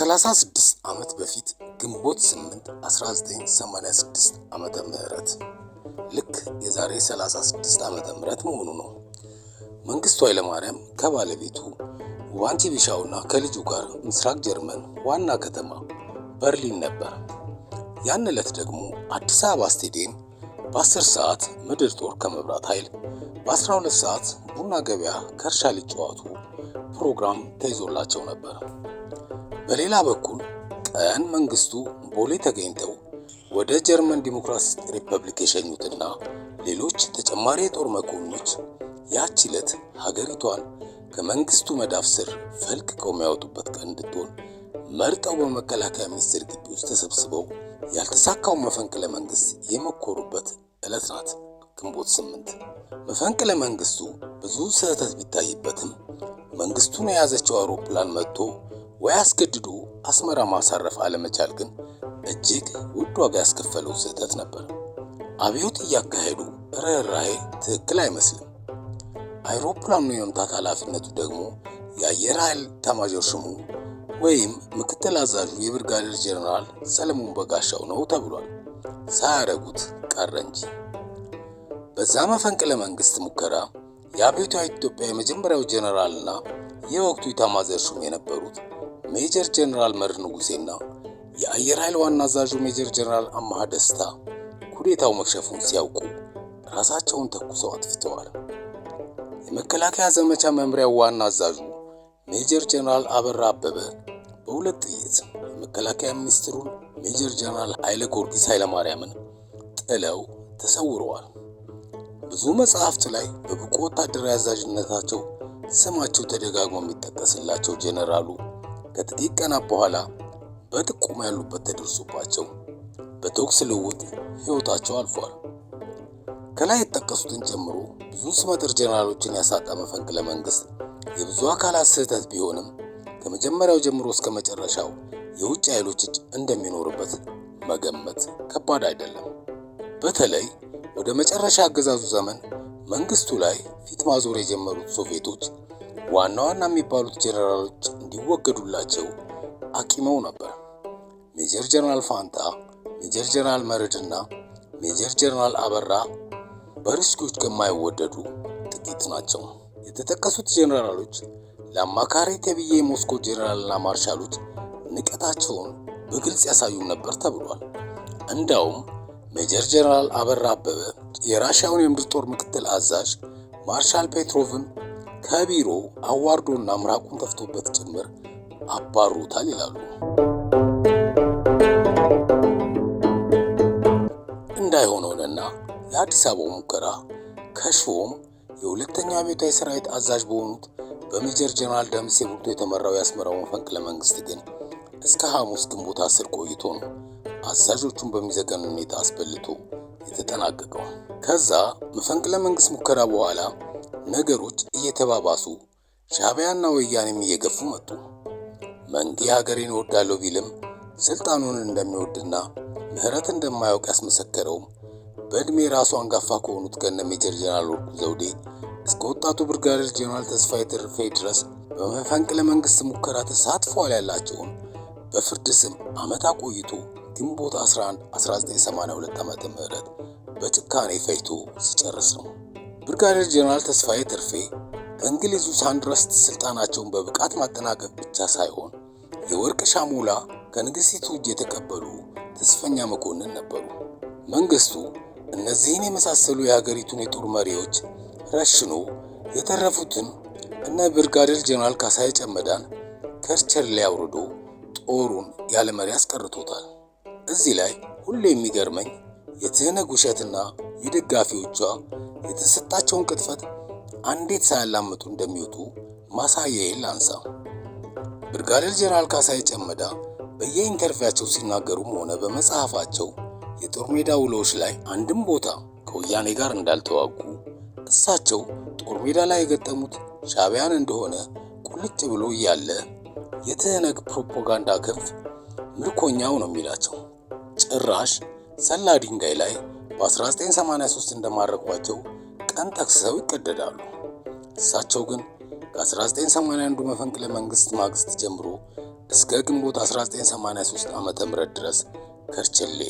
36 ዓመት በፊት ግንቦት 8 1986 ዓመተ ምህረት ልክ የዛሬ 36 ዓመተ ምህረት መሆኑ ነው። መንግስቱ ኃይለማርያም ከባለቤቱ ዋንቺ ቢሻውና ከልጁ ጋር ምስራቅ ጀርመን ዋና ከተማ በርሊን ነበር። ያን ዕለት ደግሞ አዲስ አበባ ስቴዲየም በ10 ሰዓት ምድር ጦር ከመብራት ኃይል በ12 ሰዓት ቡና ገበያ ከእርሻ ሊጫወቱ ፕሮግራም ተይዞላቸው ነበር። በሌላ በኩል ቀን መንግስቱ ቦሌ ተገኝተው ወደ ጀርመን ዲሞክራሲ ሪፐብሊክ የሸኙትና ሌሎች ተጨማሪ የጦር መኮንኖች ያች ዕለት ሀገሪቷን ከመንግስቱ መዳፍ ስር ፈልቅቀው የሚያወጡበት ቀን እንድትሆን መርጠው በመከላከያ ሚኒስቴር ግቢ ውስጥ ተሰብስበው ያልተሳካውን መፈንቅለ መንግስት የመኮሩበት ዕለት ናት። ግንቦት ስምንት መፈንቅለ መንግስቱ ብዙ ስህተት ቢታይበትም መንግስቱን የያዘችው አውሮፕላን መጥቶ ወይ አስገድዶ አስመራ ማሳረፍ አለመቻል ግን እጅግ ውድ ዋጋ ያስከፈለው ስህተት ነበር። አብዮት እያካሄዱ ርኅራሄ ትክክል አይመስልም። አይሮፕላኑ የመምታት ኃላፊነቱ ደግሞ የአየር ኃይል ኤታማዦር ሹሙ ወይም ምክትል አዛዡ የብርጋዴር ጄኔራል ሰለሞን በጋሻው ነው ተብሏል። ሳያረጉት ቀረ እንጂ በዛ መፈንቅለ መንግስት ሙከራ የአብዮታዊ ኢትዮጵያ የመጀመሪያው ጄኔራልና የወቅቱ ኤታማዦር ሹም የነበሩት ሜጀር ጀነራል መርዕድ ንጉሴና የአየር ኃይል ዋና አዛዡ ሜጀር ጀነራል አማሃ ደስታ ኩዴታው መክሸፉን ሲያውቁ ራሳቸውን ተኩሰው አጥፍተዋል። የመከላከያ ዘመቻ መምሪያው ዋና አዛዡ ሜጀር ጀነራል አበራ አበበ በሁለት ጥይት የመከላከያ ሚኒስትሩን ሜጀር ጀነራል ኃይለ ጊዮርጊስ ኃይለማርያምን ጥለው ተሰውረዋል። ብዙ መጽሐፍት ላይ በብቁ ወታደራዊ አዛዥነታቸው ስማቸው ተደጋግሞ የሚጠቀስላቸው ጀነራሉ ከጥቂት ቀናት በኋላ በጥቆማ ያሉበት ተደርሶባቸው በተኩስ ልውውጥ ሕይወታቸው አልፏል። ከላይ የተጠቀሱትን ጨምሮ ብዙ ስመጥር ጀነራሎችን ያሳጣ መፈንቅለ መንግስት የብዙ አካላት ስህተት ቢሆንም ከመጀመሪያው ጀምሮ እስከ መጨረሻው የውጭ ኃይሎች እጅ እንደሚኖርበት መገመት ከባድ አይደለም። በተለይ ወደ መጨረሻ አገዛዙ ዘመን መንግስቱ ላይ ፊት ማዞር የጀመሩት ሶቪየቶች ዋና ዋና የሚባሉት ጀነራሎች እንዲወገዱላቸው አቂመው ነበር። ሜጀር ጀነራል ፋንታ፣ ሜጀር ጀነራል ና ሜጀር ጀነራል አበራ በሪስኪዎች ከማይወደዱ ጥቂት ናቸው። የተጠቀሱት ጀነራሎች ለአማካሪ ተብዬ ሞስኮ ጀነራልና ማርሻሎች ንቀታቸውን በግልጽ ያሳዩም ነበር ተብሏል። እንዳውም ሜጀር ጀነራል አበራ አበበ የራሽያውን የምድር ጦር ምክትል አዛዥ ማርሻል ፔትሮቭን ከቢሮ አዋርዶና ምራቁን ተፍቶበት ጭምር አባሩታል ይላሉ። እንዳይሆነውንና የአዲስ አበባው ሙከራ ከሾም የሁለተኛ አብዮታዊ ሰራዊት አዛዥ በሆኑት በሜጀር ጀነራል ደምሴ ቡልቶ የተመራው የአስመራው መፈንቅለ መንግስት ግን እስከ ሐሙስ ግንቦት አስር ቆይቶ ነው አዛዦቹን በሚዘገን ሁኔታ አስበልቶ የተጠናቀቀው። ከዛ መፈንቅለ መንግስት ሙከራ በኋላ ነገሮች እየተባባሱ ሻቢያና ወያኔም እየገፉ መጡ። መንጌ ሀገሬን እወዳለሁ ቢልም ስልጣኑን እንደሚወድና ምህረት እንደማያውቅ ያስመሰከረውም በእድሜ ራሱ አንጋፋ ከሆኑት ከነ ሜጀር ጀነራል ወርቁ ዘውዴ እስከ ወጣቱ ብርጋዴር ጀነራል ተስፋዬ ተርፌ ድረስ በመፈንቅለ መንግስት ሙከራ ተሳትፈዋል ያላቸውን በፍርድ ስም ዓመት አቆይቶ ግንቦት 11 1982 ዓ.ም በጭካኔ ፈጅቶ ሲጨርስ ነው። ብርጋዴር ጄኔራል ተስፋዬ ትርፌ በእንግሊዙ ሳንድረስት ስልጣናቸውን በብቃት ማጠናቀቅ ብቻ ሳይሆን የወርቅ ሻሞላ ከንግሥቲቱ እጅ የተቀበሉ ተስፈኛ መኮንን ነበሩ። መንግስቱ እነዚህን የመሳሰሉ የሀገሪቱን የጦር መሪዎች ረሽኖ የተረፉትን እነ ብርጋዴር ጄኔራል ካሳይ ጨመዳን ከርቸር ላይ አውርዶ ጦሩን ያለ መሪ አስቀርቶታል። እዚህ ላይ ሁሉ የሚገርመኝ የትህነግ ውሸትና የደጋፊዎቿ የተሰጣቸውን ቅጥፈት አንዴት ሳያላምጡ እንደሚወጡ ማሳያ ላንሳ። ብርጋዴር ጄኔራል ካሳዬ ጨመዳ በየኢንተርቪያቸው ሲናገሩም ሆነ በመጽሐፋቸው የጦር ሜዳ ውሎዎች ላይ አንድም ቦታ ከወያኔ ጋር እንዳልተዋጉ እሳቸው ጦር ሜዳ ላይ የገጠሙት ሻቢያን እንደሆነ ቁልጭ ብሎ እያለ የትህነግ ፕሮፓጋንዳ ክንፍ ምርኮኛው ነው የሚላቸው ጭራሽ ሰላ ድንጋይ ላይ በ1983 እንደማረኳቸው ቀን ጠቅሰው ይቀደዳሉ። እሳቸው ግን ከ1981 መፈንቅለ መንግስት ማግስት ጀምሮ እስከ ግንቦት 1983 ም ድረስ ከርቸሌ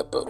ነበሩ።